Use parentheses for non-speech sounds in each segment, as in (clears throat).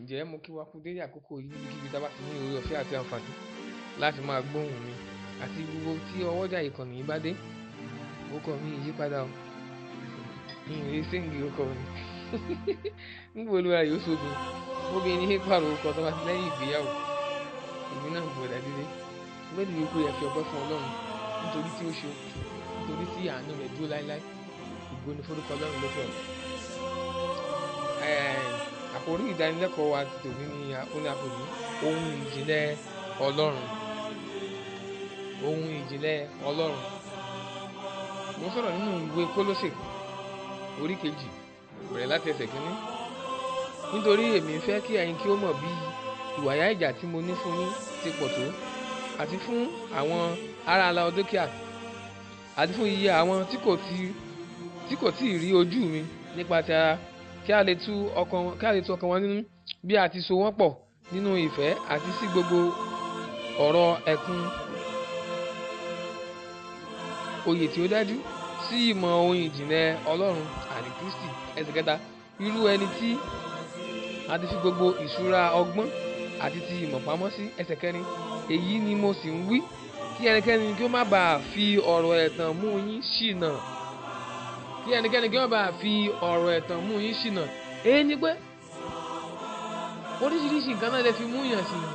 Ǹjẹ́ mo kí wa kú dédé àkókò yìí níbikíbi tá a bá ti ní oore ọ̀fẹ́ àti àǹfààní láti máa gbóhùn mi àti gbogbo tí ọwọ́jà ìkànnì yìí bá dé orúkọ mi ìyípadà o ìrìn sẹ́ǹgì orúkọ mi (laughs) níbo ló ra yóò sógun obìnrin ní pààrọ̀ orúkọ tó bá ti lẹ́yìn ìgbéyàwó èmi náà gbọ́dọ̀ dédé gbẹ́dẹ̀ yóò kó yẹ fi ọpẹ́ fún Ọlọ́run nítorí tí ó ṣe nítorí tí àánú rẹ̀ dúró láéláé ògo ni Ọlọ́run ló àkórí ìdánilẹ́kọ̀ọ́ wa ti tòní ní oníàpòlì ohun ìjìnlẹ̀ ọlọ́run ohun ìjìnlẹ̀ ọlọ́run mo sọ̀rọ̀ nínú ìwé kólósè orí kejì bẹ̀rẹ̀ láti ẹsẹ̀ kínní nítorí èmi fẹ́ kí ẹ̀yin kí ó mọ̀ bí ìwàyà ìjà tí mo ní fún yín ti pọ̀ tó àti fún àwọn ará Laodíkíà àti fún iye àwọn tí kò tí ì rí ojú mi nípa ti ara kí a lè tu ọkàn wọn nínú bí a ti so wọ́n pọ̀ nínú ìfẹ́ àti sí gbogbo ọ̀rọ̀ ẹ̀kún oyè tí ó dájú sí ìmọ̀ ohun ìjìnlẹ̀ Ọlọ́run àti Kristi ẹsẹ̀ kẹta irú ẹni tí a ti fi gbogbo ìṣúra ọgbọ́n àti ti ìmọ̀ pamọ́ sí ẹsẹ̀ kẹrin èyí ni mo sì ń wí kí ẹnikẹ́ni kí ó má bàa fi ọ̀rọ̀ ẹ̀tàn mú yín ṣìnà kí ẹnikẹ́ni kí wọ́n bá fi ọ̀rọ̀ ẹ̀tàn mú yín ṣìnà èyí ni pé oríṣiríṣi nǹkan náà lè fi mú yàn ṣìnà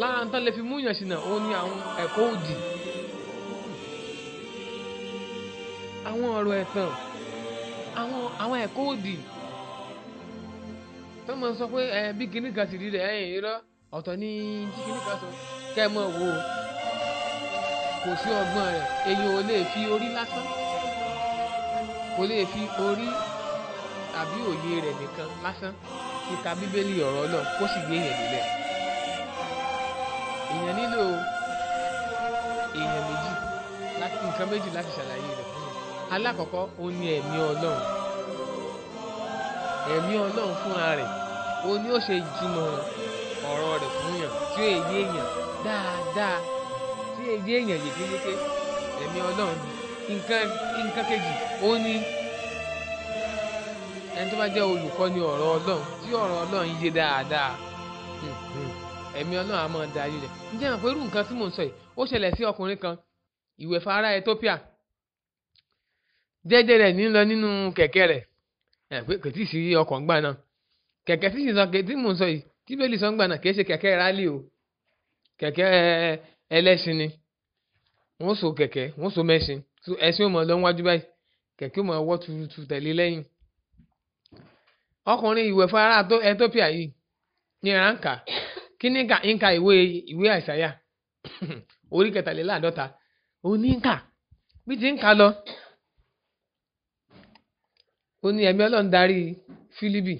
lára nǹkan lè fi mú yàn ṣìnà òun ni àwọn ẹ̀kọ́ òdì àwọn ọ̀rọ̀ ẹ̀tàn àwọn àwọn ẹ̀kọ́ òdì tó mọ̀ sọ pé ẹ bí kinní kan sì rí rẹ̀ ẹ̀yìn irọ́ ọ̀tọ̀ ní kinní kan sọ kẹ́ ẹ mọ̀ wò kò sí ọgbọ́n rẹ̀ èyí ò lè fi orí lásán kò lè fi orí tàbí òye rẹ̀ nìkan lásán fi ka bíbélì ọ̀rọ̀ Ọlọ́run kó sì gbé èèyàn nílẹ̀ èèyàn nílò èèyàn méjì láti nǹkan méjì láti ṣàlàyé rẹ̀ fún yín alákọ̀ọ́kọ́ ó ní ẹ̀mí Ọlọ́run ẹ̀mí Ọlọ́run fúnra rẹ̀ ó ní ó ṣe ìtumọ̀ ọ̀rọ̀ rẹ̀ fún yàn tí ó yé èèyàn dáadáa tí èèyàn yékéyéké ẹ̀mí Ọlọ́run ni nǹkan nǹkan kejì ó ní ẹni tó bá jẹ́ olùkọ́ ni ọ̀rọ̀ ọlọ́run tí ọ̀rọ̀ ọlọ́run yé dáadáa hmm, hmm, ẹ̀mí ọlọ́run á máa darí rẹ̀ ǹjẹ́ àpò irú nǹkan tí mò ń sọ yìí ó ṣẹlẹ̀ sí ọkùnrin kan ìwẹ̀fà ará Ethiopia jẹ́jẹ́ rẹ̀ ní lọ nínú kẹ̀kẹ́ rẹ̀ ẹ̀ pé kò tí ì sí ọkọ̀ ńgbà náà kẹ̀kẹ́ tí tí mò ń sọ yìí tí bẹ́ẹ̀lì sọ ńgbà náà kì í ṣe kẹ̀kẹ́ rálì o kẹ̀kẹ́ ẹlẹ́ṣin ni wọ́n so kẹ̀kẹ́ wọ́n so mẹ́ṣin so ẹ̀sìn lọ wájú báyìí kẹ̀kẹ́ ò mọ̀ wọ́ tuurutu tẹ̀lé ọkùnrin ará Ethiopia yìí ní ránkà kí ní kà ka ìwé ìwé àìsàyà (coughs) orí kẹtàléláàdọ́ta ó ní bí ti ka lọ ó ní ẹ̀mí ọlọ́run darí Fílíbì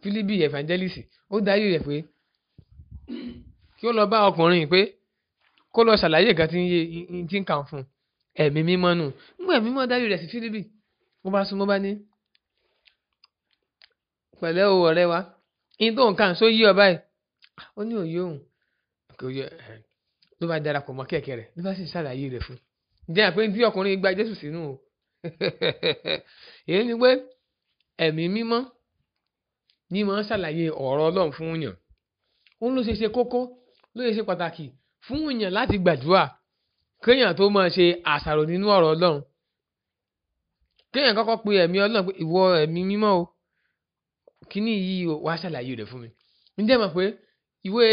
Fílíbì evangelist ó darí rẹ̀ pé kí ó lọ bá ọkùnrin pé kó lọ ṣàlàyé nǹkan tí ń yé tí ń kàn fún ẹ̀mí mímọ́ nù nígbà ẹ̀mí mímọ́ dárí rẹ̀ sí Fílípì mo bá sún mo bá ní pẹ̀lẹ́ o ọ̀rẹ́ wa in tó nǹkan só yí ọ báyìí ó ní òye òun ló bá darapọ̀ mọ́ kẹ̀kẹ́ rẹ̀ ló bá sì ṣàlàyé rẹ̀ fún jẹ́ àpé bí ọkùnrin gba Jésù sínú o (laughs) èyí ni pé ẹ̀mí mímọ́ ni mo ṣàlàyé ọ̀rọ̀ Ọlọ́run fún yàn òun ló ṣe ṣe kókó ló ṣe ṣe pàtàkì fún èèyàn láti gbàdúrà kéèyàn tó máa ṣe àṣàrò nínú ọ̀rọ̀ ọlọ́run kéèyàn kọ́kọ́ pe ẹ̀mí ọlọ́run pé ìwọ ẹ̀mí mímọ́ o kíní yìí wàá ṣàlàyé rẹ̀ fún mi ǹjẹ́ mọ̀ pé ìwé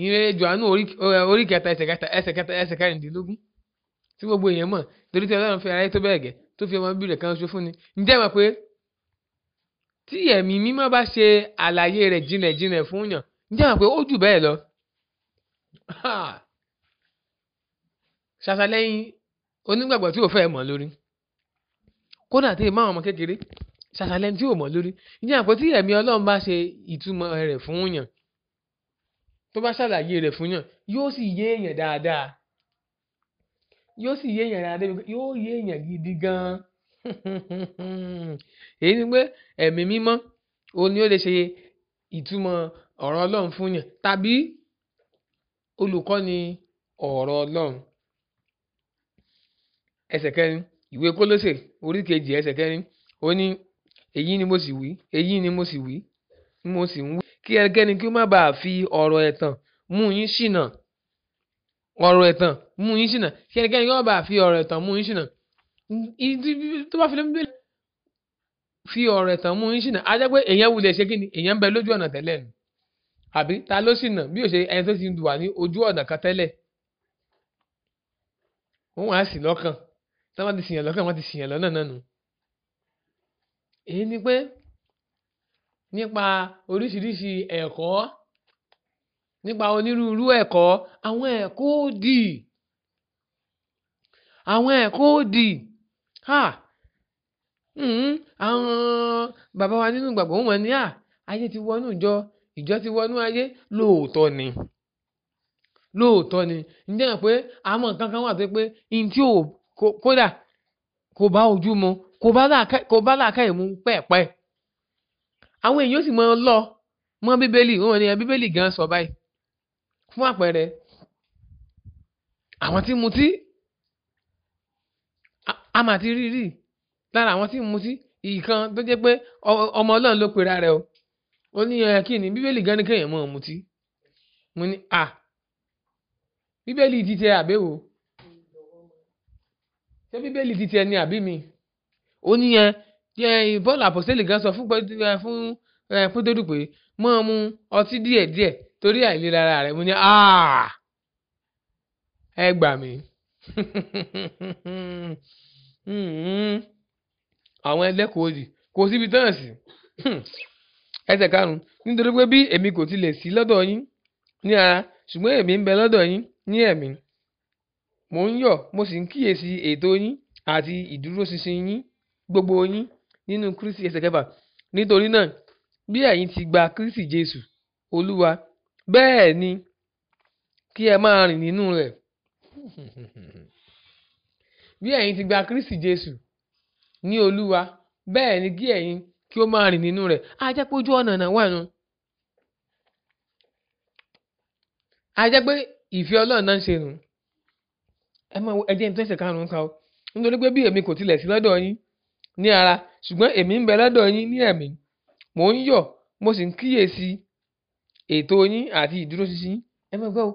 ìrere johannu orí kẹta ẹsẹ̀ kẹta ẹsẹ̀ kẹta ẹsẹ̀ kẹrìndínlógún tí gbogbo èèyàn mọ̀ torí tí ọlọ́run fi aráyé tó bẹ́ẹ̀ gẹ́ tó fi ọmọ bíbélì kan ṣoṣo fún ni ǹjẹ́ mọ̀ pé tí ẹ̀mí mímọ́ bá ṣe àlàyé rẹ̀ jinlẹ̀ fún yàn ǹjẹ́ mọ̀ pé ó jù bẹ́ẹ̀ lọ ṣàṣàlẹ́yìn onígbàgbọ́ tí ò fẹ́ mọ̀ lórí kódà tí ìmọ̀ àwọn ọmọ kékeré ṣàṣàlẹ́yìn tí ò mọ̀ lórí ìjẹ́ àpótí ẹ̀mí ọlọ́run bá ṣe ìtumọ̀ rẹ̀ fún yàn tó bá ṣàlàyé rẹ̀ fún yàn yóò sì yé èèyàn dáadáa yóò sì yé èèyàn dáadáa yóò yé èèyàn gidi gan (laughs) èyí ni pé ẹ̀mí mímọ́ òun ni ó lè ṣe ìtumọ̀ ọ̀rọ̀ ọlọ́run fún yàn tàbí olùkọ́ ni ọ̀rọ̀ ọlọ́run ẹsẹ̀ kẹrin ìwé kólósè orí kejì ẹsẹ̀ kẹrin ó ní èyí ni mo sì wí èyí ni mo sì wí mo sì ń wí kí ẹnikẹ́ni kí ó má bàa fi ọ̀rọ̀ ẹ̀tàn mú yín ṣìnà ọ̀rọ̀ ẹ̀tàn mú yín ṣìnà kí ẹnikẹ́ni kí ó má bàa fi ọ̀rọ̀ ẹ̀tàn mú yín ṣìnà tó bá fi lé bíbélì fi ọ̀rọ̀ ẹ̀tàn mú yín ṣìnà á jẹ́ pé èèyàn wulẹ̀ ṣe kí ni èèyàn ń bẹ lójú ọ̀nà tẹ́lẹ̀ nù àbí ta ló ṣìnà bí ó ṣe ẹni tó ti wà ní ojú ọ̀nà kan tẹ́lẹ̀ wọ́n wá sí lọ́kàn tí wọ́n ti ṣìyàn lọ́kàn wọ́n ti ṣìyàn lọ́nà náà nù. èyí ni pé nípa oríṣiríṣi ẹ̀kọ́ nípa onírúurú ẹ̀kọ́ àwọn ẹ̀kọ́ òdì àwọn ẹ̀kọ́ òdì ha hmm, àwọn bàbá wa nínú ìgbàgbọ́ wọn ni à ayé ti wọnú ìjọ ìjọ ti wọnú ayé lóòótọ́ ni lóòótọ́ ni ǹjẹ́ hàn pé àwọn nǹkan kan wà tó pé n tí ò kódà kò bá ojú mu kò bá làákàyè mu pẹ́ẹ̀pẹ́ àwọn èèyàn sì máa ń lọ mọ bíbélì wọn ni bíbélì gan sọ báyìí fún àpẹẹrẹ àwọn tí mutí a mà ti rí rí lára àwọn tí mutí ìkan tó jẹ́ pé ọmọ Ọlọ́run ló pera rẹ̀ o ó ní ẹ eh, kí ni bíbélì gan ni kéèyàn mọ̀ mutí mo ní à bíbélì ti tẹ àbẹ̀wò ṣé bíbélì ti tẹ ni àbí mi ó ní eh, ẹ yẹ bọ́ọ̀lù àpọ̀sẹ́lì gan sọ fún eh, fún pétérù pé mọ́ mu ọtí díẹ̀díẹ̀ torí àìlera ara rẹ̀ mo ní à ẹ gbà mí (laughs) hmm, hmm. àwọn ẹlẹ́kọ̀ọ́ òdì kò síbi tán sí ẹsẹ̀ karùn-ún nítorí pé bí èmi kò tilẹ̀ sí lọ́dọ̀ yín ní ara ṣùgbọ́n èmi ń bẹ lọ́dọ̀ yín ní ẹ̀mí mò ń yọ̀ mo sì ń kíyèsí ètò yín àti ìdúróṣinṣin yín gbogbo yín nínú Kristi ẹsẹ̀ kẹfà nítorí náà bí ẹ̀yin ti gba Kristi Jésù Olúwa bẹ́ẹ̀ ni kí ẹ máa rìn nínú rẹ̀ bí ẹ̀yin ti gba Kristi Jésù ní Olúwa bẹ́ẹ̀ ni kí ẹ̀yin kí ó máa rìn nínú rẹ̀ á pé ojú ọ̀nà náà wà nù. á pé ìfẹ́ ọlọ́run náà ń ṣe nù. ẹ máa wo ẹjẹ́ ní tẹ́sẹ̀ karùn-ún ka o nítorí pé bí èmi kò tilẹ̀ sí lọ́dọ̀ yín ní ara ṣùgbọ́n èmi ń bẹ lọ́dọ̀ yín ní ẹ̀mí mò ń yọ̀ mo sì ń kíyèsí ètò yín àti ìdúróṣinṣin ẹ máa gbọ́ o.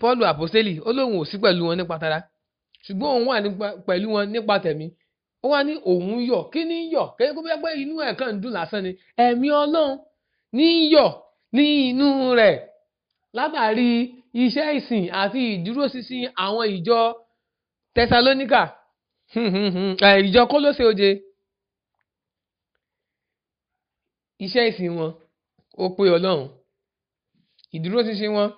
Paul àpọ́sẹ́lì ó lóun ò sí pẹ̀lú wọn nípa tara ṣùgbọ́n òun wà pẹ̀lú wọn nípa tẹ̀mí ó wá ní òun yọ̀ kí ni yọ̀ kí kó bẹ́ẹ̀ pé inú ẹ̀ kàn ń dùn lásán ni ẹ̀mí ọlọ́run ní yọ̀ ní inú rẹ̀ látàrí iṣẹ́ ìsìn àti ìdúróṣinṣin àwọn ìjọ Tẹsalóníkà (laughs) eh, ìjọ Kólósè oje iṣẹ́ ìsìn wọn ó pé ọlọ́run ìdúróṣinṣin wọn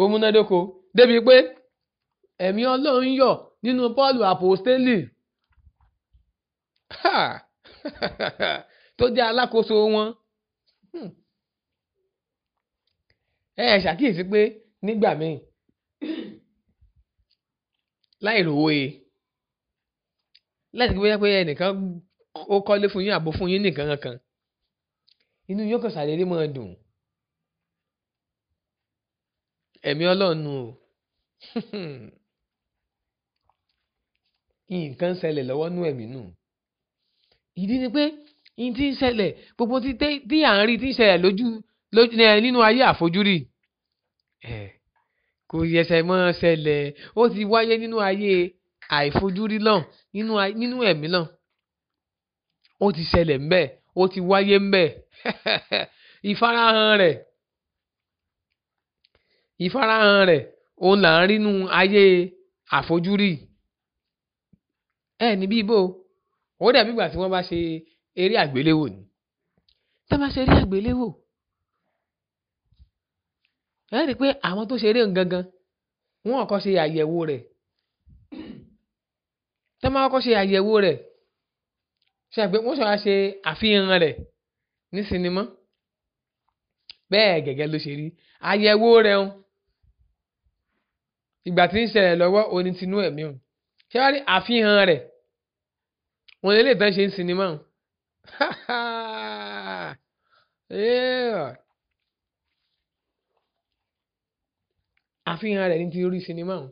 ó múnádóko débi pé ẹ̀mí ọlọ́run yọ̀ nínú Pọ́ọ̀lù àpòstélì (laughs) tó jẹ́ alákòóso wọn hmm. ẹ ṣàkíyèsí pé nígbà míì láì rówó e láti gbé pé ẹnìkan ó kọ́lé fún yín àbò fún yín nìkan kan inú yóò kàn ṣàdédé máa dùn ẹ̀mí ọlọ́run o (laughs) nǹkan ṣẹlẹ̀ lọ́wọ́ nú ẹ̀mí nù. No ìdí ni pé n ti ń ṣẹlẹ̀ gbogbo tí tí à ń rí ti ń ṣẹlẹ̀ lójú lójú nínú ayé àfojúrí kò yẹsẹ̀ mọ́ ṣẹlẹ̀ ó ti wáyé nínú ayé àìfojúrí lọ́n nínú ẹ̀mí lọ́n ó ti ṣẹlẹ̀ ńbẹ̀ ó ti wáyé ńbẹ̀ (laughs) ìfarahàn rẹ̀ ìfarahàn rẹ̀ òun là ń rí nínú ayé àfojúrí ẹ̀ níbí bò ó ó dàbí ìgbà tí wọ́n bá ṣe eré àgbéléwò ni tá a bá ṣe eré àgbéléwò ẹ rí i pé àwọn tó ṣe eré gangan wọ́n kọ́ ṣe àyẹ̀wò rẹ̀ tá a máa kọ́ ṣe àyẹ̀wò rẹ̀ ṣe àgbẹ̀ wọ́n ṣọra ṣe àfihàn rẹ̀ ní sinimá bẹ́ẹ̀ gẹ́gẹ́ ló ṣe rí àyẹ̀wò rẹ̀ ń ìgbà tí ń ṣẹlẹ̀ lọ́wọ́ oní ẹ̀mí ń ṣe wá rí àfihàn rẹ̀ wọn lè lè tán ṣe ń sinimá o (laughs) àfihàn rẹ̀ ní ti orí sinimá o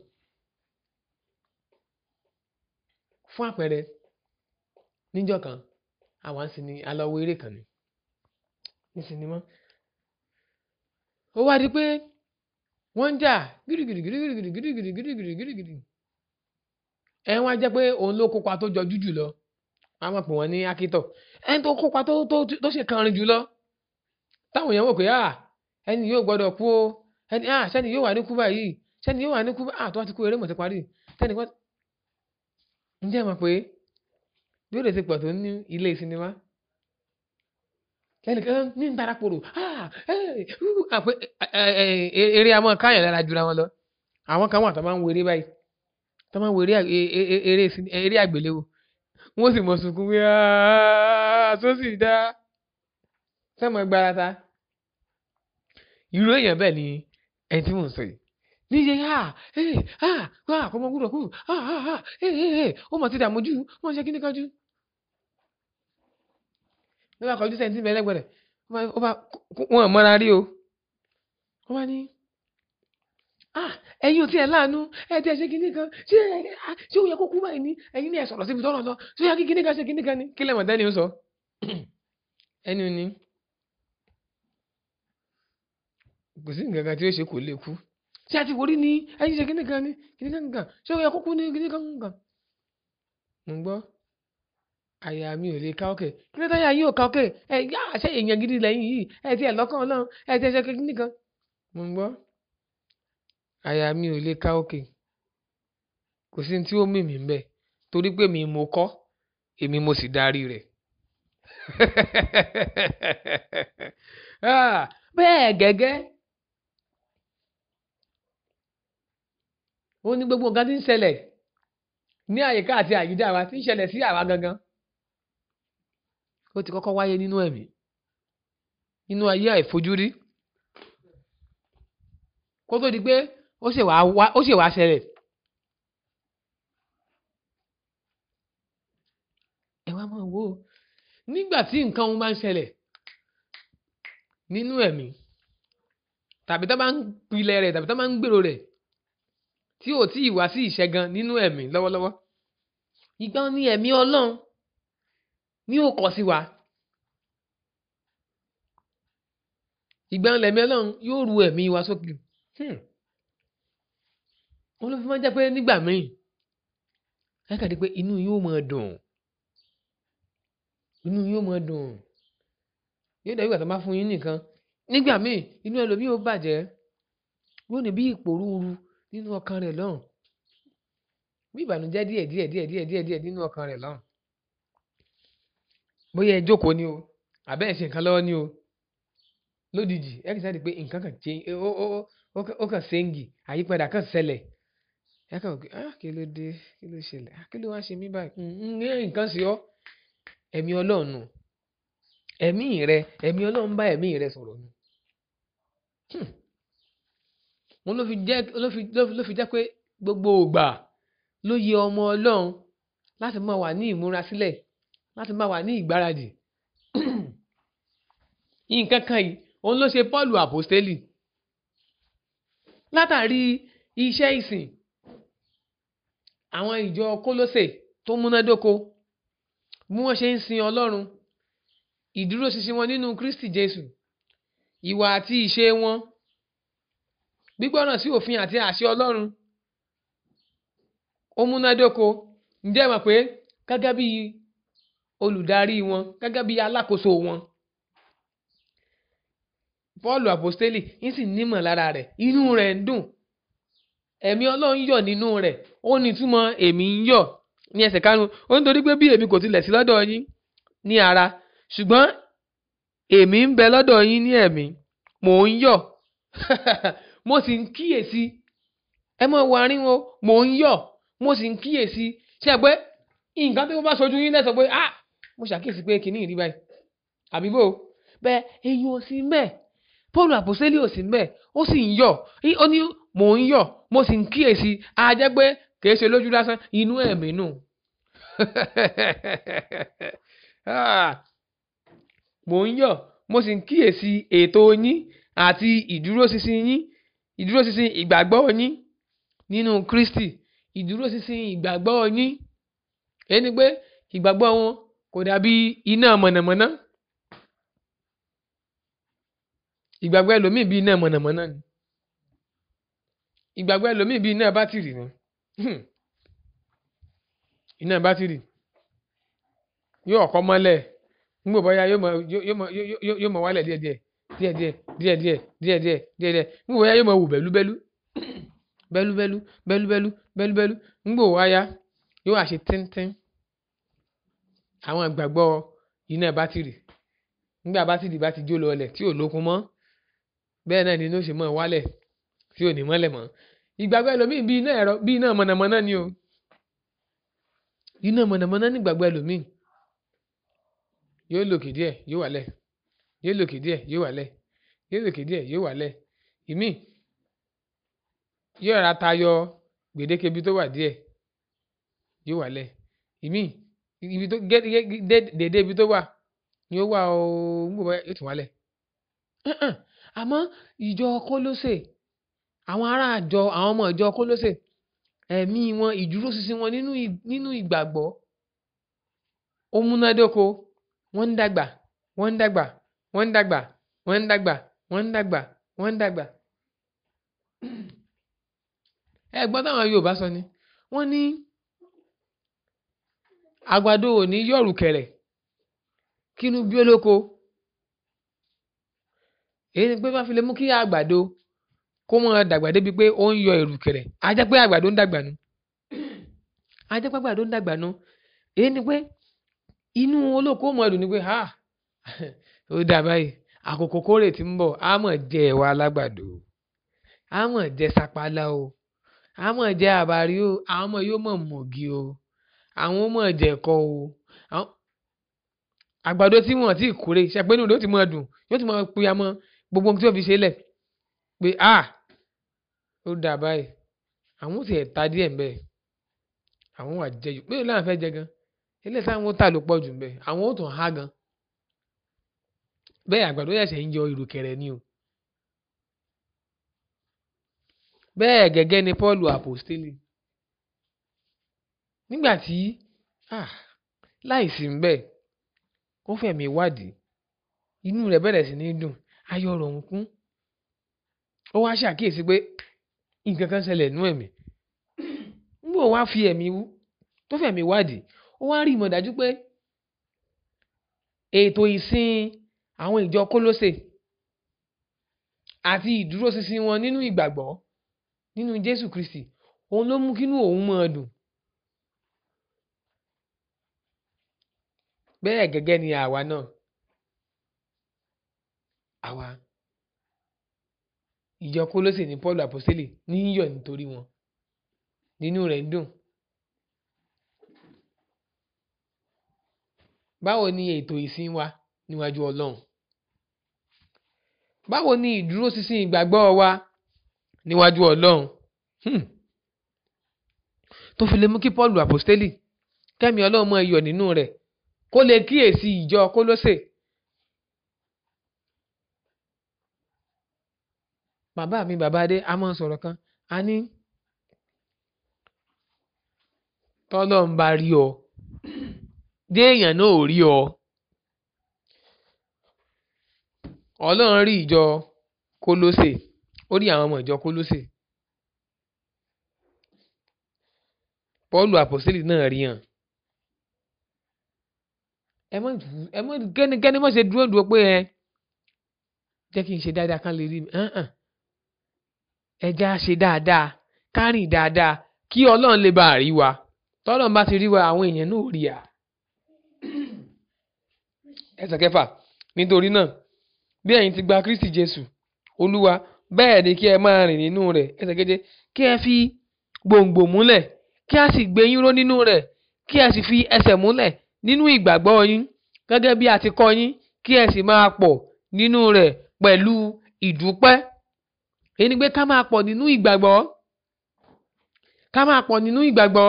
fún àpẹẹrẹ níjọ́ kan àwọn sinmi alọ́wọ́ eré kan ni ní sinimá ó wá di pé wọ́n ń jà gírígírígírígírígírígírígírígírígírígírígírí ẹ̀ wọ́n á jẹ́ pé òun ló kópa tó jọjú a máa pè wọ́n ní akitọ̀ ẹni tó kópa tó tó tó ṣe kanrin jùlọ táwọn èèyàn wò pé à ah, ẹni yóò gbọ́dọ̀ kú o ẹni à ah, sẹ́ni yóò wà ní kú báyìí sẹ́ni yóò wà ní kú à ah, tó wá ti kú eré mọ̀ ti parí sẹ́ni kan ǹjẹ́ mọ̀ pé bí ó lè ti pọ̀ tó ní ilé sinimá ẹnìkan ní ìtarakoro eré amọ̀ káyọ̀ lára jura wọn lọ àwọn kan wà tó máa ń wo eré báyìí tó máa ń wo eré e, e, e, àgbéléwò wọ́n sì mọ̀ sunkún pé tó sì dá sẹ́mọ̀ gbára ta irú èèyàn bẹ́ẹ̀ ni ẹni tí mò ń sọ yìí níye ha ee eh, ha ha kọ́mọ gbúdọ̀ kú ha ha ha ee eh, ee eh, ó mọ̀ ti dààmú jù ó mọ̀ ṣe kíní kan jù ló bá kọjú sẹ́yìn tí ń bẹ lẹ́gbẹ̀rẹ̀ wọ́n mọ̀ra rí o wọ́n bá ní. Ah, ẹ̀yin ò tiẹ̀ láàánú ẹ tiẹ̀ ṣe kinní kan ṣé ṣé ó yẹ kó kú báyìí ní ẹ̀yin ní ẹ sọ̀rọ̀ síbi tọ́rọ̀ lọ ṣé ó yẹ kí kinní kan ṣe kinní kan ní kí lẹ́mọ̀ dání ó sọ (clears throat) ẹni ní kò sí nǹkan kan tí ó ṣe kò lè kú ṣé àti wòrí ni ẹ̀yin ṣe kinní kan ní kinní kan kan ṣé ó yẹ kó kú ní kinní kan kan. mo gbọ́ àyà mi ò lè ká òkè kí ló dáyà yín ò ká òkè ẹ yá àṣẹ èèyàn gidi lẹ́yìn yìí ẹ tiẹ̀ lọ́kàn ọlọ́run ẹ tiẹ̀ ṣe kinní kan mo gbọ́. Aya mi ò lè ka òkè. Kò sí ohun tí ó mì mí ń torí pé èmi mo kọ́, èmi mo sì darí rẹ̀. (laughs) Ah, bẹ́ẹ̀ gẹ́gẹ́, ó ní gbogbo nǹkan tí ń ṣẹlẹ̀ ní àyíká àti àyídá wa tí ń ṣẹlẹ̀ sí àwa gangan. Ó ti kọ́kọ́ wáyé nínú ẹ̀mí, nínú ayé àìfojúrí kó tó di pé ó sì wá wá ó sì wá ṣẹlẹ̀. ẹ wá máa wò ó nígbà tí nǹkan ohun bá ń ṣẹlẹ̀ nínú ẹ̀mí tàbí tó bá ń pilẹ̀ rẹ̀ tàbí tó bá ń gbèrò rẹ̀ tí ò tí ì wá sí ìṣẹ́gun nínú ẹ̀mí lọ́wọ́lọ́wọ́ ìgbà ni ẹ̀mí Ọlọ́run ni ó kọ sí wa ìgbà ni ẹ̀mí Ọlọ́run yóò ru ẹ̀mí wa sókè. Hmm. òun ló fi máa ń jẹ́ pé nígbà míì kákàdé pé inú yóò máa dùn inú yóò máa dùn yóò fún yín nìkan nígbà míì inú ẹlòmíì ó bàjẹ́ yóò ní bí ìpòrúurú nínú ọkàn rẹ̀ lọ́hùn bí ìbànújẹ́ díẹ̀ díẹ̀ díẹ̀ díẹ̀ díẹ̀ nínú ọkàn rẹ̀ lọ́hùn bóyá ni o àbẹ́ nǹkan lọ́wọ́ ni o lódìjì pé kàn ìyá kan wò pé ah kí ló dé kí ló ṣẹlẹ̀ ah kí ló wá ṣe mí báyìí nǹkan sí ọ ẹ̀mí ọlọ́run nù ẹ̀mí rẹ ẹ̀mí ọlọ́run bá ẹ̀mí rẹ sọ̀rọ̀ nù wọn hmm. ló fi jẹ́ ló fi jẹ́ pé gbogbo ògbà ló yẹ ọmọ ọlọ́run láti máa wà ní ìmúrasílẹ̀ láti máa wà ní ìgbáradì (clears throat) nǹkan kan yìí òun ló ṣe Pọ́ọ̀lù àpòstélì látàrí iṣẹ́ ìsìn àwọn ìjọ Kólósè tó múnádóko bí wọn ṣe ń sin Ọlọ́run ìdúróṣinṣin wọn nínú Kristi Jésù ìwà àti ìṣe wọn gbígbọ́ràn sí òfin àti àṣẹ Ọlọ́run ó múnádóko ǹjẹ́ mọ̀ pé gẹ́gẹ́ bí olùdarí wọn gẹ́gẹ́ bí alákòóso wọn Paul ń sì nímọ̀ lára rẹ̀ inú rẹ̀ ń dùn ẹ̀mí Ọlọ́run yọ̀ nínú ó ní túmọ̀ èmi ń yọ̀ ní ẹsẹ̀ karùn-ún ó nítorí pé bí èmi kò tilẹ̀ sí lọ́dọ̀ yín ní ara ṣùgbọ́n èmi ń bẹ lọ́dọ̀ yín ní ẹ̀mí mò ń yọ̀ (laughs) mo sì ń kíyèsí ẹ mọ̀ wà rí wọn mò ń yọ̀ mo sì ń kíyèsí ṣe pé nǹkan tí wọ́n bá ṣojú yín lẹ́sọ̀ pé ah mo ṣàkíyèsí pé kìíní ìrí báyìí àbí bò bẹ́ẹ̀ eyín ò sí mbẹ́ Pọ́ọ̀lù àpòsẹ́lì ò sí mbẹ́ ó sì ń yọ̀ ó ní mò ń yọ̀ mo sì ń kíyèsí a pé kìí ṣe lójú lásán inú ẹ̀mí nù (laughs) ah. mò ń yọ̀ mo sì ń kíyèsí ètò yín àti ìdúróṣinṣin yín ìdúróṣinṣin ìgbàgbọ́ yín nínú Kristi ìdúróṣinṣin ìgbàgbọ́ yín ẹni pé ìgbàgbọ́ wọn kò dàbí iná mọ̀nàmọ́ná ìgbàgbọ́ ẹlòmíì bí iná mọ̀nàmọ́ná ni ìgbàgbọ́ ẹlòmíì bí iná bátìrì ni. Hmm. iná bátìrì yóò ọkọ mọ́lẹ̀ nígbà bóyá yóò mọ wálẹ̀ díẹ̀díẹ̀ díẹ̀díẹ̀ díẹ̀díẹ̀ díẹ̀díẹ̀ díẹ̀díẹ̀ nígbà bóyá yóò mọ wù bẹ́lúbẹ́lú bẹ́lúbẹ́lú bẹ́lúbẹ́lú bẹ́lúbẹ́lú nígbà wáyá yóò wá ṣe tíntín àwọn ìgbàgbọ́ iná bátìrì nígbà bátìrì bá ti jó lọlẹ̀ tí ò lókun mọ́ bẹ́ẹ̀ náà ni iná ó ṣe mọ́ wálẹ̀ tí ò ní mọ́lẹ̀ mọ́ ìgbàgbọ́ ẹlòmíì bí iná ẹ̀rọ bí iná mọ̀nàmọ́ná ni o iná mọ̀nàmọ́ná ní ìgbàgbọ́ ẹlòmíì yóò lòkè díẹ̀ yóò wálẹ̀ yóò lòkè díẹ̀ yóò wálẹ̀ yóò lòkè díẹ̀ yóò wálẹ̀ ìmí yóò ra tayọ gbèdéke ibi tó wà díẹ̀ yóò wálẹ̀ ìmí ibi tó dédé ibi tó wà ni ó wà ó ń gbọ́ yóò tún wálẹ̀ àmọ́ ìjọ Kólósè àwọn ará àjọ àwọn ọmọ ìjọ Kólósè ẹ̀mí wọn ìdúróṣinṣin wọn nínú ìgbàgbọ́ ó múnádóko wọ́n ń dàgbà wọ́n ń dàgbà wọ́n ń dàgbà wọ́n ń dàgbà wọ́n ń dàgbà wọ́n ń dàgbà. ẹ gbọ́ táwọn Yorùbá sọ ni wọ́n ní àgbàdo ò yọ̀rùkẹ̀rẹ̀ kínú bí èyí ni pé má fi lè mú kí àgbàdo kó mọ̀ dàgbà débi pé ó ń yọ èrùkẹ̀rẹ̀ á jẹ́ pé àgbàdo ń dàgbà nu á àgbàdo ń dàgbà nu èyí ni pé inú olóko mọ̀ ẹ̀dùn ni pé ha ah, (laughs) ó dà báyìí àkókò kórè tí ń bọ̀ á mọ̀ jẹ ẹ̀wà alágbàdo á mọ̀ jẹ sapala o á mọ̀ jẹ àbárí o àwọn ọmọ yóò mọ̀ mọ̀gì o àwọn ọmọ jẹ̀kọ o àgbàdo tí wọ́n ti kórè ṣàpẹ́nu ló ti mọ̀ dùn yóò ti mọ̀ pé a gbogbo ohun tí wọ́n fi ṣe lẹ̀ pé a ó dà báyìí àwọn ò sì ẹ̀ ta díẹ̀ ń bẹ̀ àwọn wà jẹ́jù pé ìlànà fẹ́ jẹ gan eléyìí táwọn ó tà ló pọ̀ jù ń bẹ̀ àwọn ó tún há gan bẹ́ẹ̀ àgbàdo ẹ̀sẹ̀ ń yọ ìrùkẹ̀rẹ̀ ni o bẹ́ẹ̀ gẹ́gẹ́ ni Pọ́ọ̀lù àpòstélì nígbà tí láìsí ń bẹ̀ ó fẹ̀mí wádìí inú rẹ̀ bẹ̀rẹ̀ sí ní dùn ayọ̀ rọ̀ ń kún ó wá ṣàkíyèsí pé nǹkan kan ṣẹlẹ̀ nú ẹ̀mí nígbà wá fi ẹ̀mí tó fẹ̀mí wádìí ó wá rí ìmọ̀ dájú pé ètò ìsìn àwọn ìjọ Kólósè àti ìdúróṣinṣin wọn nínú ìgbàgbọ́ nínú Jésù Kristi òun ló mú kínú òun máa dùn bẹ́ẹ̀ gẹ́gẹ́ ni àwa náà àwa ìjọ Kólósè ní Paul àpọ́sítélì ní yíyọ̀ nítorí wọn nínú rẹ̀ ń dùn. báwo ni ètò ìsìn wa níwájú Ọlọ́run báwo ni ìdúróṣinṣin ìgbàgbọ́ wa níwájú Ọlọ́run hmm. tó fi lè mú kí Paul àpọ́sítélì kẹ́mi Ọlọ́run mọ iyọ̀ nínú rẹ̀ kó lè kíyèsí ìjọ Kólósè bàbá mi bàbá adé a máa sọ̀rọ̀ kan a ní tọ́lọ́ ń bá rí ọ déèyàn náà ò rí ọ ọlọ́run rí ìjọ kólósè ó rí àwọn ọmọ ìjọ kólósè pọ́ọ̀lù àpòsílì náà rí hàn ẹ mọ ẹ mọ gẹ́nigẹ́ni mọ̀ ṣe dúró dúró pé ẹ jẹ́ kí n ṣe dáadáa kán lè rí mi ẹ já ṣe dáadáa ká rìn dáadáa kí ọlọ́run lè bá rí wa tọ́lọ́run bá ti rí wa àwọn èèyàn náà ò rí a. ẹsẹ̀ kẹfà nítorí náà bí ẹ̀yin ti gba Kristi Jésù Olúwa bẹ́ẹ̀ ni kí ẹ máa rìn nínú rẹ̀ ẹsẹ̀ keje kí ẹ fi gbòǹgbò múlẹ̀ kí a sì gbé yín ró nínú rẹ̀ kí ẹ sì fi ẹsẹ̀ múlẹ̀ nínú ìgbàgbọ́ yín gẹ́gẹ́ bí a ti kọ́ yín kí ẹ sì máa pọ̀ nínú rẹ̀ pẹ̀lú ìdúpẹ́ ẹni pé ká máa pọ̀ nínú ìgbàgbọ́ ká máa pọ̀ nínú ìgbàgbọ́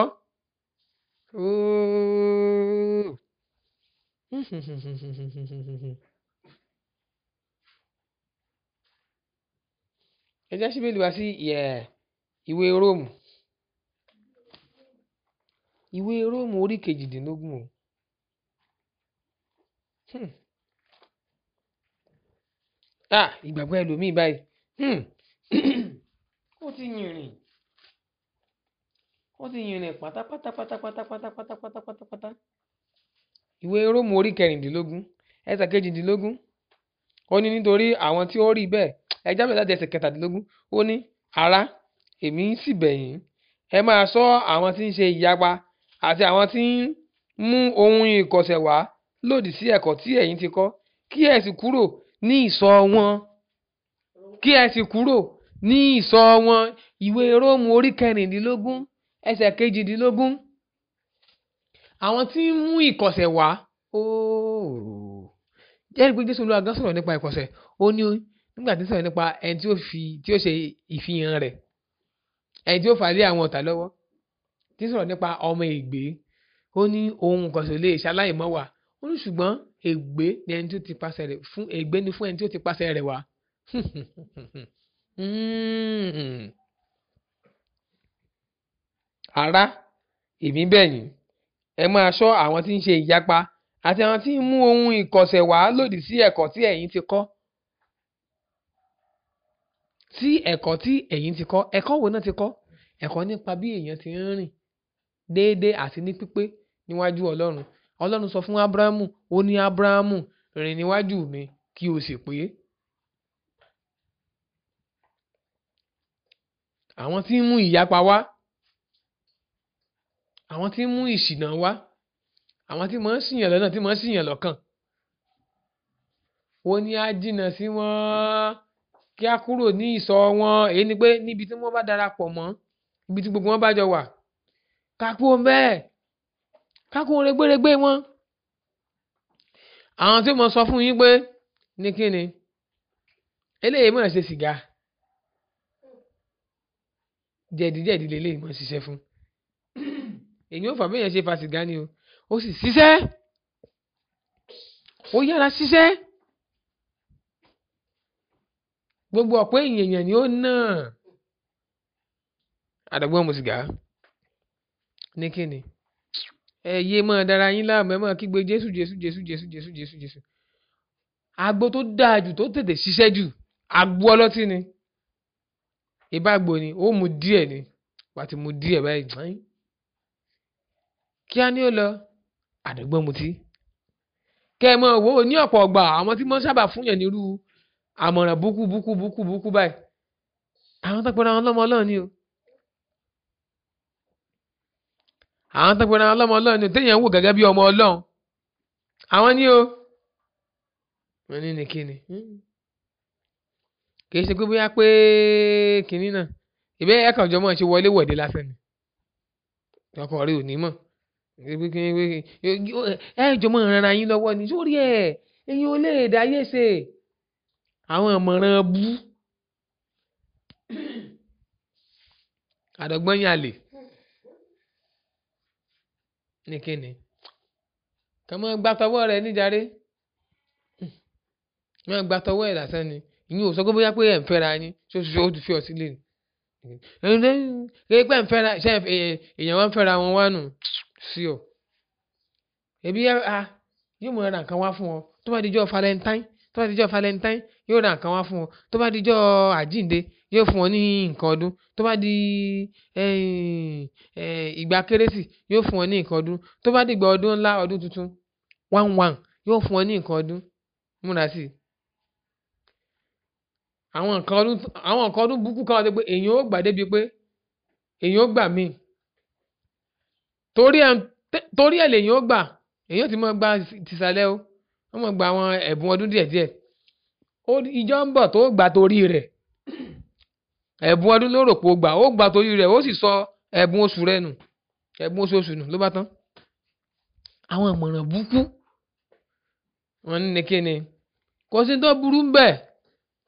(laughs) ẹ jẹ́ síbèlú wá sí ìwé róòmù ìwé róòmù orí kejìdínlógún o hmm. ah ìgbàgbọ́ ẹlòmíì báyìí. Hmm. (clears throat) ó ti yìnrìn ó ti yìnrìn pátápátá pátápátá pátápátá pátápátá ìwé róòmù orí kẹrìndínlógún ẹsẹ̀ kejìdínlógún ó ní nítorí àwọn tí ó rí bẹ́ẹ̀ ẹ jábẹ̀ láti ẹsẹ̀ kẹtàdínlógún ó ní ará èmi sì bẹ̀ yín ẹ máa ṣọ́ àwọn tí ń ṣe ìyapa àti àwọn tí ń mú ohun ìkọ̀sẹ̀ wá lòdì sí ẹ̀kọ́ tí ẹ̀yin ti kọ́ kí ẹ sì kúrò ní ìsọ̀ wọn kí ẹ sì kúrò ní ìsọ wọn ìwé róòmù orí kẹrìndínlógún ẹsẹ̀ kejìdínlógún àwọn tí ń mú ìkọ̀sẹ̀ wá jẹ́rìí pé jésù olúwa gan sọ̀rọ̀ nípa ìkọ̀sẹ̀ ó ní nígbà tí ń sọ̀rọ̀ nípa ẹni tí ó fi tí ó ṣe ìfihàn rẹ̀ ẹni tí ó fà lé àwọn ọ̀tá lọ́wọ́ tí ń sọ̀rọ̀ nípa ọmọ ègbé ó ní ohun ìkọ̀sẹ̀ lè ṣaláì mọ́ wa ó ní ṣùgbọ́n ègbé ni ẹni tí ó ti pàṣẹ rẹ̀ fún ègbé ni fún ẹni tí ó ti pàṣẹ rẹ̀ wá (laughs) Hmm. ará èmi bẹ̀ yín ẹ máa ṣọ́ àwọn tí ń ṣe ìyapa àti àwọn tí ń mú ohun ìkọ̀sẹ̀ wá lòdì sí ẹ̀kọ́ tí ẹ̀yin ti kọ́ tí ẹ̀kọ́ tí ẹ̀yin ti kọ́ ẹ̀kọ́ wo náà ti kọ́ ẹ̀kọ́ nípa bí èèyàn ti ń rìn déédéé àti ní pípé níwájú ọlọ́run ọlọ́run sọ fún ábúráhámù ó ní ábúráhámù rìn níwájú mi kí o sì pé àwọn tí ń mú ìyapa wá àwọn tí ń mú ìṣìnà wá àwọn tí máa ń ṣìyàn lọ́nà tí máa ń ṣìyàn lọ́kàn wọ́n ní á jìnnà sí wọn kí á kúrò ní ìsọ̀ wọn èyí ni pé níbi tí wọ́n bá darapọ̀ mọ́ ibi tí gbogbo wọn bá jọ wà kákó bẹ́ẹ̀ kákó rẹgbẹrẹgbẹ wọn àwọn tí mo sọ fún yín pé ní kíni eléyìí mọ̀ ṣe sìgá jẹ̀díjẹ̀dí lélẹ́yìn mọ́ ṣiṣẹ́ fún èyí ò fà bẹ́ẹ̀ yẹn ṣe fa sìgá ni o ó sì ṣiṣẹ́ ó yára ṣiṣẹ́ gbogbo ọ̀pọ̀ èèyàn ni ó náà àdàgbọ́n mu sìgá ní kíni ẹ yé mọ́ dára yín láàmú ẹ mọ́ kígbe jésù jésù jésù jésù jésù jésù jésù agbo tó dáa jù tó tètè ṣiṣẹ́ jù agbo ọlọ́tí ni ìbágbó ni ó mu díẹ̀ ni wàá ti mu díẹ̀ báyìí jàn kíá ni ó lọ àdúgbò mutí kẹ ẹ mọ wo ní ọ̀pọ̀ ọgbà àwọn tí mo sábà fún yẹn nírú àmọ̀ràn búkú búkú búkú búkú báyìí àwọn tó pera wọn lọ́mọ Ọlọ́run ni o àwọn tó pera wọn lọ́mọ Ọlọ́run ni o téèyàn wò gẹ́gẹ́ bí ọmọ Ọlọ́run àwọn ni o wọn ní ni kí kì í ṣe pé bóyá pé kinní náà ìbẹ́ ẹ̀kan jọmọ́ ṣe wọlé wọ̀de lásán ni ọkọ rẹ ò ní mọ̀ ẹ jọmọ́ ìrànra yín lọ́wọ́ ni sórí ẹ̀ ẹ̀yin ò lè dáyé ṣe àwọn ìmọ̀ràn bú àdọ́gbọ́n yà lè ní kíni kàmọ́ gbàtọ́wọ́ rẹ níjàre mọ́ gbàtọ́wọ́ ẹ̀ lásán ni ìyẹn ò sọ pé bóyá pé ẹ̀ ń fẹ́ra yín ṣé o ti fi ọ̀ sílẹ̀ ni ẹ̀ pẹ́ ń fẹ́ra ṣe èèyàn wá ń fẹ́ra wọn wá nù sí ọ ẹbí ẹ a yóò mọ ra nǹkan wá fún ọ tó bá dijọ́ valentine tó bá dijọ́ valentine yóò ra nǹkan wá fún ọ tó bá dijọ́ àjínde yóò fún ọ ní nǹkan ọdún tó bá di ìgbà kérésì yóò fún ọ ní nǹkan ọdún tó bá dìgbà ọdún ńlá ọdún tuntun one yóò fún ọ ní nǹkan ọdún múra sí i àwọn nǹkan ọdún àwọn nǹkan ọdún burúkú kan wà pé èèyàn ó gbà débi pé èèyàn ó gbà míì torí ẹ̀ torí ẹ̀ lèèyàn ó gbà èèyàn ti mọ gba tìsàlẹ̀ o wọ́n mọ̀ gba àwọn ẹ̀bùn ọdún díẹ̀díẹ̀ ìjọ ń bọ̀ tó gbà torí rẹ̀ ẹ̀bùn ọdún ló rò pé ó gbà ó gbà torí rẹ̀ ó sì sọ ẹ̀bùn oṣù rẹ̀ nù ẹ̀bùn oṣooṣù nù ló bá tán àwọn ìmọ̀ràn burúkú wọn ní kíni kò sí tó burú bẹ́ẹ̀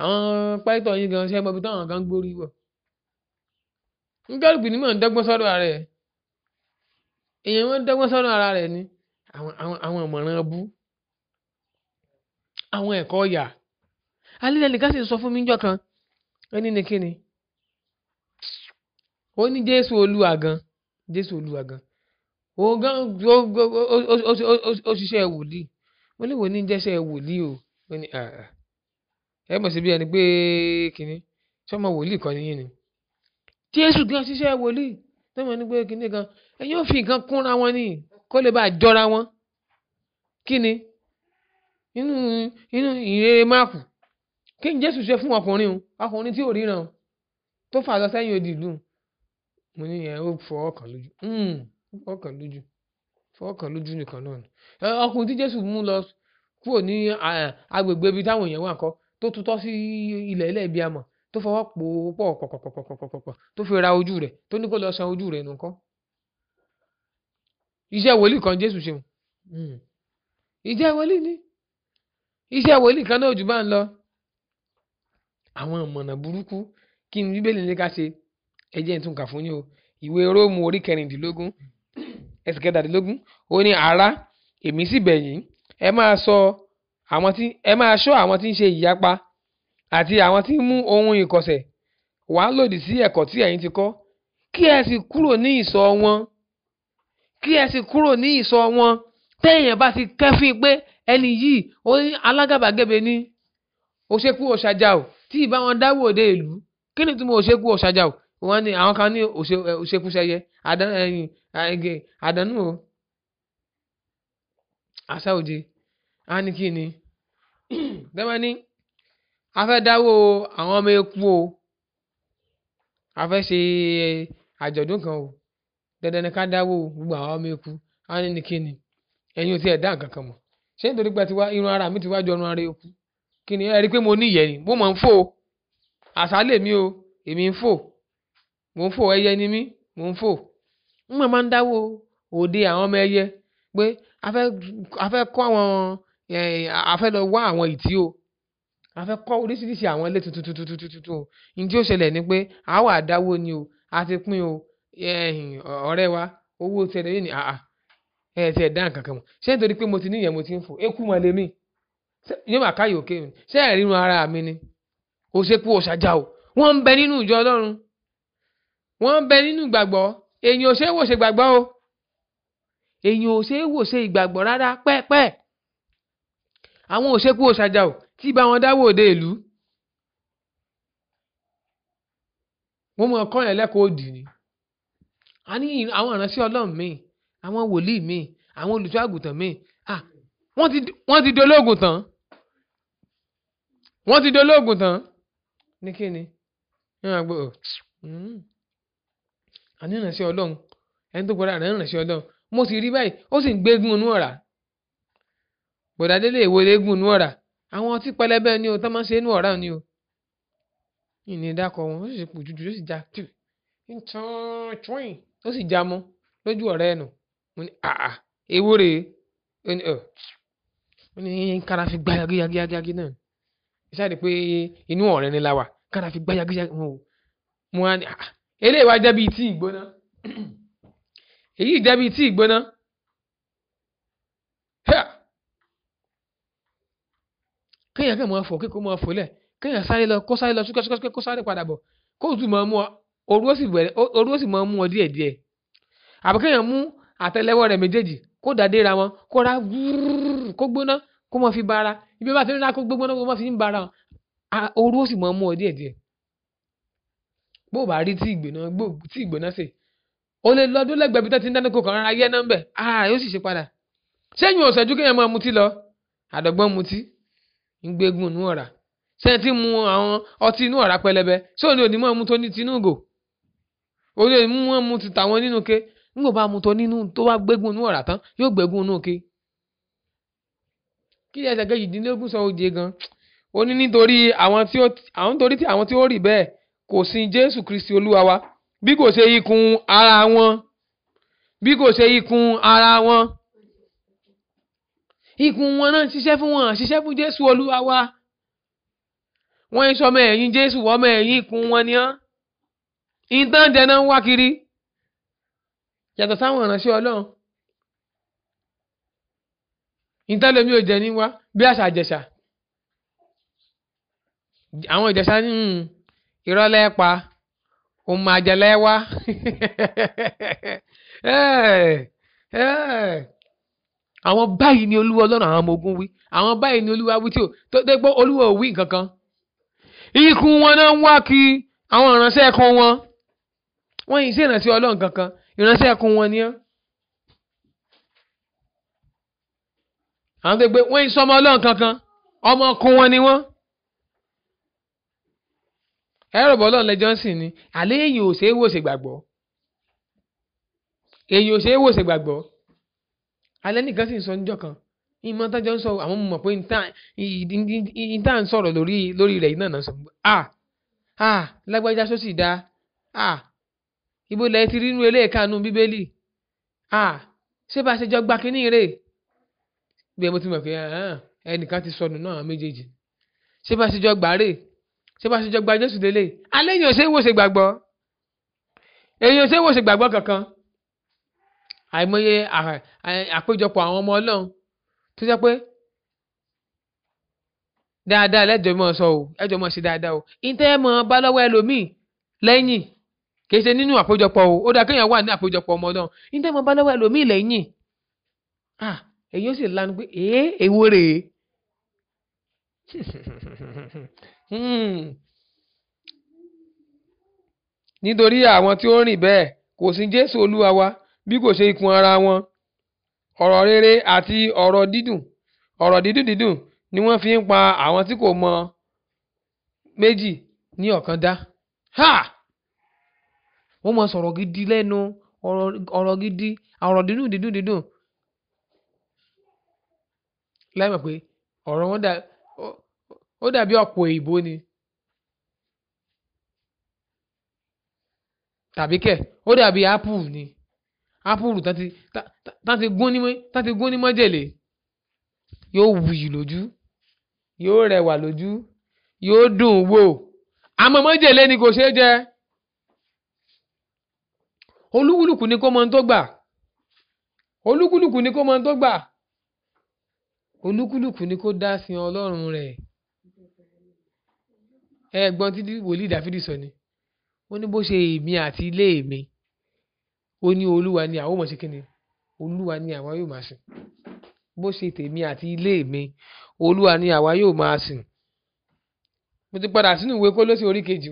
àwọn pásítọ̀ yín gan ṣẹ́ mọ́bi táwọn kan gbórí wọ̀ nígbàlùkù ni mò ń dọ́gbọ́n sọ́dọ̀ ara ẹ̀ èèyàn wọn dọ́gbọ́n sọ́dọ̀ ara rẹ̀ ni àwọn ìmọ̀ràn bú àwọn ẹ̀kọ́ yà alẹ́ nìkan sì sọ fún mi níjọ́ kan ẹni ni kíni ó ní Jésù Olúwa gan Jésù Olúwa gan òun gan ó ṣiṣẹ́ wòlíì mo ní wòlíì jẹ́ṣẹ́ wòlíì o ó ní àà ẹ mọ̀ sí bí ẹni pé kínní sọmọ wòlíì kan nìyí ni jésù gan ṣiṣẹ́ wòlíì tọ́mọ ní pé kínní gan ẹ yóò fi nǹkan kúnra wọn ni kó lè bá a jọra wọn kínni inú inú ìrere máàkù kí ni jésù ṣe fún ọkùnrin o ọkùnrin tí ò ríran tó fà lọ sẹ́yìn odi ìlú mo ní yẹn ó fọwọ́ kàn lójú hmm, fọwọ́ kàn lójú fọwọ́ kàn lójú nìkan náà ni ọkùnrin tí jésù mú lọ kúrò ní agbègbè ibi táwọn èèyàn wà kọ́ tó tutọ́ sí ilẹ̀ ilẹ̀ ibi amọ̀ tó fọwọ́ pò pọ̀ pọ̀pọ̀pọ̀pọ̀pọ̀ tó fi ra ojú rẹ̀ tó ní kó lọ san ojú rẹ̀ nìkan iṣẹ́ wòlíì kan Jésù ṣeun hmm. iṣẹ́ wòlíì ni iṣẹ́ wòlíì kan náà jù bá ń lọ àwọn ìmọ̀nà burúkú kí ni Bíbélì ní ká ṣe ẹ jẹ́ tún kà fún yín o ìwé Róòmù orí kẹrìndínlógún ẹsẹ̀ kẹtàdínlógún ó ní ara, èmi sì bẹ̀ yín ẹ máa sọ àwọn tí ẹ máa ṣọ́ àwọn tí ń ṣe ìyapa àti àwọn tí ń mú ohun ìkọ̀sẹ̀ wá lòdì sí ẹ̀kọ́ tí ẹ̀yin ti kọ́ kí ẹ sì kúrò ní ìsọ̀ wọn kí ẹ sì kúrò ní ìsọ̀ wọn téèyàn bá ti kẹ́fín pé ẹni yìí ó ní alágàbàgebè ni ó ṣekú òṣàjà o tí ìbá wọn dáwọ́ òde ìlú kí ni túmọ̀ òṣekú òṣàjà o wọ́n ní àwọn kan ní òṣekú ṣẹyẹ àdánù àṣà òde á ní kí ni dẹ́mọ́ ní a fẹ́ dáwó àwọn ọmọ eku o a fẹ́ ṣe àjọ̀dún kan o dandan ni ká dáwó gbogbo àwọn ọmọ eku á ní ní kí ni ẹ̀yin ò tiẹ̀ dá nǹkan kan mọ̀ ṣé nítorí pé irun ara mi ti wá jọ irun ara eku kí ni ẹ rí i pé mo ní ìyẹ́ ni mo mọ̀ ń fò o àṣálẹ̀ mi o èmi ń fò mo ń fò ẹyẹ ni mí mo ń fò n mọ̀ máa ń dáwó òde àwọn ọmọ ẹyẹ pé a fẹ́ kọ́ àwọn a fẹ́ lọ wá àwọn ìtí o a fẹ́ kọ́ oríṣiríṣi àwọn ilé tuntun tuntun tuntun o ní tí ó ṣẹlẹ̀ ni pé a wà dáwó ni o a ti pín o ọ̀rẹ́ wa owó tẹ̀lé yìí ni àà ẹ̀ ti ẹ̀ dá nǹkan kan mọ̀ ṣé nítorí pé mo ti níyẹn mo ti ń fò eku mọ̀ lèmi yóò máa káyọ̀ òkè mi ṣé ẹ̀ rírun ara mi ni o ṣe kú o ṣàjà o wọ́n ń bẹ nínú ìjọ Ọlọ́run wọ́n ń bẹ nínú ìgbàgbọ́ èyàn ò ṣe é wò ṣe gbàgbọ́ o èyàn ò ṣe é wò ṣe ìgbàgbọ́ rárá pẹ́ẹ́pẹ́ẹ́ àwọn òṣèkú òṣàjà ò tí bá wọn dáwọ́ òde ìlú wọ́n mọ̀ ọkọ yẹn lẹ́kọ̀ọ́ òdì ni a ní àwọn ìránṣẹ́ ọlọ́run míì àwọn wòlíì míì àwọn olùṣọ́ àgùntàn míì ah wọ́n ti dológun tán wọ́n ti dológun tán ní kíni ìrìn àgbò àní ìránṣẹ́ ọlọ́run ẹni tó gbọ́dọ̀ rẹ̀ ń ọlọ́run mo sì rí báyìí ó sì ń gbégún inú ọ̀rá bọ̀dá délé èwo eléégún nú ọ̀rá àwọn ọtí pẹlẹbẹ ni o tán máa ń ṣe nú ọ̀rá ni o ìní dákọ wọn ó sì ṣe pòjújú ó sì já tù ntọ́ntún ó sì já mọ́ lójú ọ̀rẹ́ ẹ̀nà mo ní àà èwo rèé ó ní ọ̀ ó ní kára fi gbá yagiyagiyagi náà ìṣáàdì pé inú ọ̀rẹ́ ni la wà kára fi gbá yagiyagi wọn o mo wá ní àà eléyìí wá jẹ́ bíi tí ìgbóná (clears throat) èyí jẹ́ bíi tí ìgbóná kéèyàn kàn máa fò kéèkó máa fò lẹ̀ kéèyàn sáré lọ kó sáré lọ ṣúkẹ́ṣúkẹ́ kó sáré padà bọ̀ kó tún máa mú ọ orú ó sì máa mú ọ díẹ̀ díẹ̀ àbí kéèyàn mú àtẹ́lẹwọ́ rẹ̀ méjèèjì kó dàdé ra wọn kó ra wúrúrú kó gbóná kó máa fi bara ibi bá ti ń ra kó gbóná kó máa fi ń bara orú ó sì máa mú ọ díẹ̀ díẹ̀ bó bá rí tí ìgbóná tí ìgbóná sè o lè lọ ọdún lẹ́gbẹ̀ẹ́ ah yóò sì ṣe padà ṣé ìyún ọ̀sẹ̀ ju ń gbégun inú ọ̀rá sẹ́yìn tí mu àwọn ọtí inú ọ̀rá pẹlẹbẹ ṣé òní òní mọ́ mu tó ní tinú gò òní òní mọ́ mu ti tàwọn nínú ke nígbà bá mu tó nínú tó bá gbégun inú ọ̀rá tán yóò gbégun inú ke. kí ẹsẹ̀ kejìdínlógún sọ òjé gan ó ní nítorí àwọn tí ó àwọn nítorí àwọn tí ó rí bẹ́ẹ̀ kò sin Jésù Kristi Olúwa wa bí kò ṣe ikùn ara wọn bí kò ṣe ikùn ara wọn ikùn wọn náà ṣiṣẹ́ fún wọn ṣiṣẹ́ fún jésù olúwa wa wọ́n ń sọmọ ẹ̀yìn jésù ọmọ ẹ̀yìn ikùn wọn ni án ìtàn jẹ náà ń wá kiri yàtọ̀ sáwọn ìránṣẹ́ ọlọ́run ìtàn lèmi ò jẹ ní wá bí àṣà àjẹsà àwọn ìjẹsà ní hmm, ìrọ́lẹ́ pa òun máa jẹ lẹ́wà. (laughs) àwọn báyìí ni olúwa ọlọ́run àwọn ọmọ ogun wí àwọn báyìí ni olúwa wí tí ò tó dé pé olúwa ò wí nǹkan kan ikùn wọn náà ń wá kí àwọn ìránṣẹ́ ẹ̀kọ́ wọn wọ́n yìí sí ìránṣẹ́ ọlọ́run kankan ìránṣẹ́ ẹ̀kọ́ wọn ni ẹ́ àwọn tó gbé wọ́n yìí sọmọ ọlọ́run kankan ọmọ ọkọ wọn ni wọ́n ẹ̀rọ bọ́lọ̀ lẹ́jọ́ sì ni àlẹ́ èyí ò ṣeé wò ṣègbàgbọ́ èyí ò ṣeé wò ṣègbàgbọ́ alẹ́ nìkan sì ń sọ níjọ́ kan ìmọ̀ tájọ́ ń sọ àwọn mọ̀ pé níta ń sọ̀rọ̀ lórí lórí rẹ̀ iná náà sọ à à lágbájá sọ sì à ibo lẹ́yìn ti rí inú eré ìkànnù bíbélì à ṣé bá a ṣe jọ gba kínní rè bẹ́ẹ̀ mo ti mọ̀ pé ẹnìkan ti sọnù náà méjèèjì ṣé bá a ṣe jọ gbà rè ṣé bá a ṣe jọ gba Jésù délé alẹ́ yìí ò ṣe é wò ṣe gbàgbọ́ èyí ò ṣe é wò ṣe gbàgbọ́ kankan àìmọye àpéjọpọ̀ àwọn ọmọ ọlọ́run tó jẹ́ pé dáadáa lẹ́jọ́ mọ̀ sọ o ẹjọ́ mọ̀ sí dáadáa o ìtẹ́ mọ̀ bá lọ́wọ́ ẹlòmíì lẹ́yìn kì í ṣe nínú àpéjọpọ̀ o ó dáa kéèyàn wà ní àpéjọpọ̀ ọmọ ọlọ́run ìtẹ́ mọ̀ bá lọ́wọ́ ẹlòmíì lẹ́yìn ah èyí ó sì lanu pé èé èwo rèé (laughs) hmm. nítorí àwọn tí ó rìn bẹ́ẹ̀ kò sí Jésù Olúwa wa bí kò ṣe ikùn ara wọn ọ̀rọ̀ rere àti ọ̀rọ̀ dídùn ọ̀rọ̀ dídùn dídùn ni wọ́n fi ń pa àwọn tí kò mọ méjì ní ọ̀kan dá ha wọ́n mọ sọ̀rọ̀ gidi lẹ́nu ọ̀rọ̀ gidi ọ̀rọ̀ dídùn dídùn dídùn láì mọ̀ pé ọ̀rọ̀ wọn dà ó dàbí ọ̀pọ̀ èyìnbó ni tàbí kẹ̀ ó dàbí apple ni ápùlù tán ti gún ní mọ́jèlé yóò wuyì lójú yóò rẹwà lójú yóò dùn wò àmọ́ mọ́jèlé ni kò ṣeé jẹ olúkúlùkù ni kó mọ ohun tó gbà olúkúlùkù ni kó mọ ohun tó gbà olúkúlùkù ni kó dá sin ọlọ́run rẹ̀ ẹ̀gbọ́n tí wòlíì Dáfídì sọ ni wọ́n ní bó ṣe èmi àti ilé mi ó ní olúwa ni àwọn ò mọ̀ sí kíni olúwa ni àwa yóò máa sìn bó ṣe tèmi àti ilé mi olúwa ni àwa yóò máa sìn mo ti padà sínú ìwé Kólósì orí kejì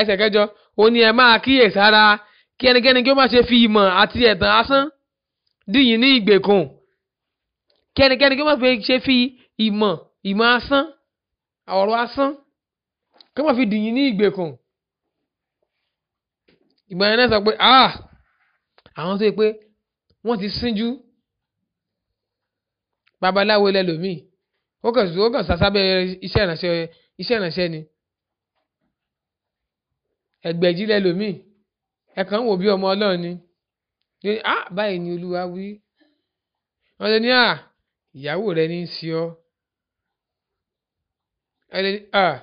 ẹsẹ̀ kẹjọ ó ní ẹ máa kíyèsára kí ẹnikẹ́ni kí ó má ṣe fi ìmọ̀ àti ẹ̀tàn asán dìyìn ní ìgbèkùn kí ẹnikẹ́ni kí ó má ṣe fi ìmọ̀ ìmọ̀ asán ọ̀rọ̀ asán kí ó má fi dìyìn ní ìgbèkùn ìgbà yẹn náà sọ pé ah àwọn tó yẹ pé wọ́n ti sínjú babaláwo lẹ́lòmíì ó kàn ó kàn sásábẹ́ iṣẹ́ ìrànṣẹ́ iṣẹ́ ìrànṣẹ́ ni ẹgbẹ̀jì lẹ́lòmíì ẹ̀kan wò bí ọmọ ọlọ́run ni ní à ah, báyìí ni olúwa wí wọ́n lè ní à ah, ìyàwó rẹ ní í ṣe ọ́ ẹ lè à ah,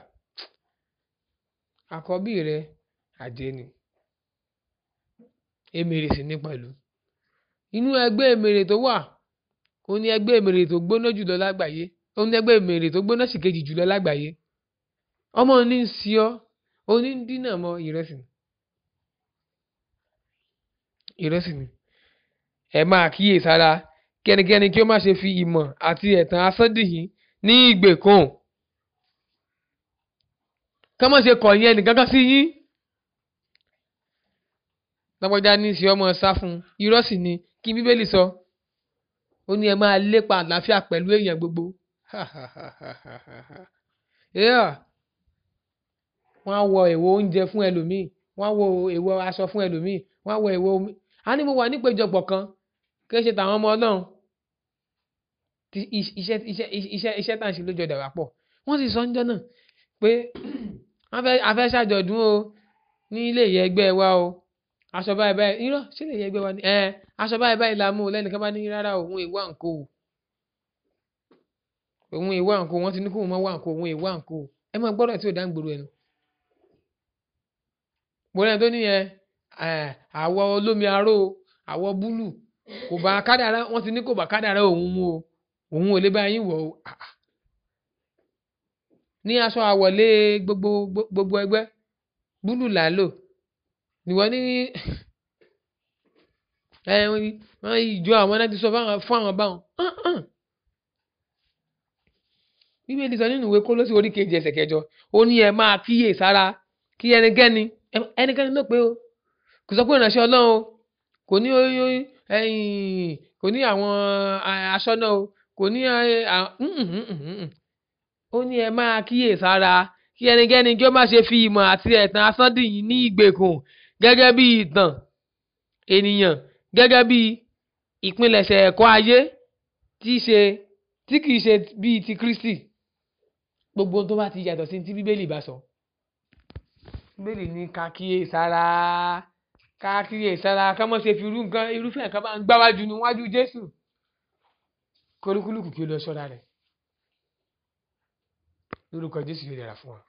àkọ́bí rẹ àjẹ́ ni. Emèrè sì ni pẹ̀lú. Inú ẹgbẹ́ Emèrè tó wà, òun ni ẹgbẹ́ Emèrè tó gbóná jùlọ lágbàáyé. Òun ni ẹgbẹ́ Emèrè tó gbóná sì kejì jùlọ lágbàáyé. Ọmọ ní ń si ọ́, oní ń dínà mọ́ ìrẹsì. Ìrẹsì ni. Ẹ máa kíyèsára kẹ́nikẹ́ni kí ó má ṣe fi ìmọ̀ àti ẹ̀tàn asán dìyín ní ìgbèkùn. Ká má ṣe kọ̀yìn ẹnìkankan sí yín lágbájá ní ìṣe ọmọ sá fún un irọ́ sì ni kí bíbélì sọ ó ní ẹ máa lépa àlàáfíà pẹ̀lú èèyàn gbogbo (laughs) wọ́n á wọ èwo oúnjẹ fún ẹlòmíì wọ́n á wọ èwo aṣọ fún ẹlòmíì wọ́n á wọ èwo omi a ní mo wà nípéjọpọ̀ kan kí ẹ ṣe tàwọn ọmọ ọlọ́run iṣẹ́ iṣẹ́ iṣẹ́ iṣẹ́ tá à ń ṣe lójọ dàgbà pọ̀ wọ́n sì sọ ń jọ́ náà pé a fẹ́ ṣàjọ̀dún o ní ilé ìyẹn ẹgbẹ́ wa o aṣọ báyìí báyìí irọ́ ṣé lè yẹ ẹgbẹ́ wa ni ẹ aṣọ báyìí báyìí la mú o lẹ́nìkan bá ní rárá òun ìwà nǹkó òun ìwà nǹkó wọ́n ti ní kó òun mọ́ wà nǹkó òun ìwà nǹkó ẹ máa gbọ́dọ̀ tí ò dáǹgbòrò ẹnu. gbọ́dọ̀ tó ní yẹn àwọ̀ olómi aró àwọ̀ búlù kò bá kádàrá wọ́n ti ní kò bá kádàrá òun mú o òun ò lè bá yín wọ̀ o ní aṣọ àwọ̀lé gbogbo gbogbo ẹgbẹ́ búlù làálò ìwọ ní (laughs) ẹ wọn ìjọ àwọn náà ti sọ fún àwọn báwọn bíbélì sọ nínú ìwé Kólósì orí kejì ẹsẹ̀ kẹjọ ó ní ẹ máa kíyè sára kí ẹnikẹ́ni ẹnikẹ́ni ló pé o kò sọ pé ìránṣẹ́ Ọlọ́run o kò ní kò ní àwọn aṣọ́nà o kò ní ó ní ẹ máa kíyè sára kí ẹnikẹ́ni kí ó má ṣe fi ìmọ̀ àti ẹ̀tàn asán ní ìgbèkùn gẹ́gẹ́ bí ìtàn ènìyàn gẹ́gẹ́ bí ìpilẹ̀ṣẹ̀ ẹ̀kọ́ ayé tí ṣe tí kìí ṣe bíi ti Kristi gbogbo tó bá ti yàtọ̀ sí ti Bíbélì bá sọ Bíbélì ní ká kíyèsára ká kíyèsára ká mọ̀ ṣe fi irú nǹkan irúfẹ́ nǹkan bá ń gbáwájú níwájú Jésù kólúkúlùkù kí o lọ ṣọ́ra rẹ̀ lórúkọ Jésù yóò dára fún wa.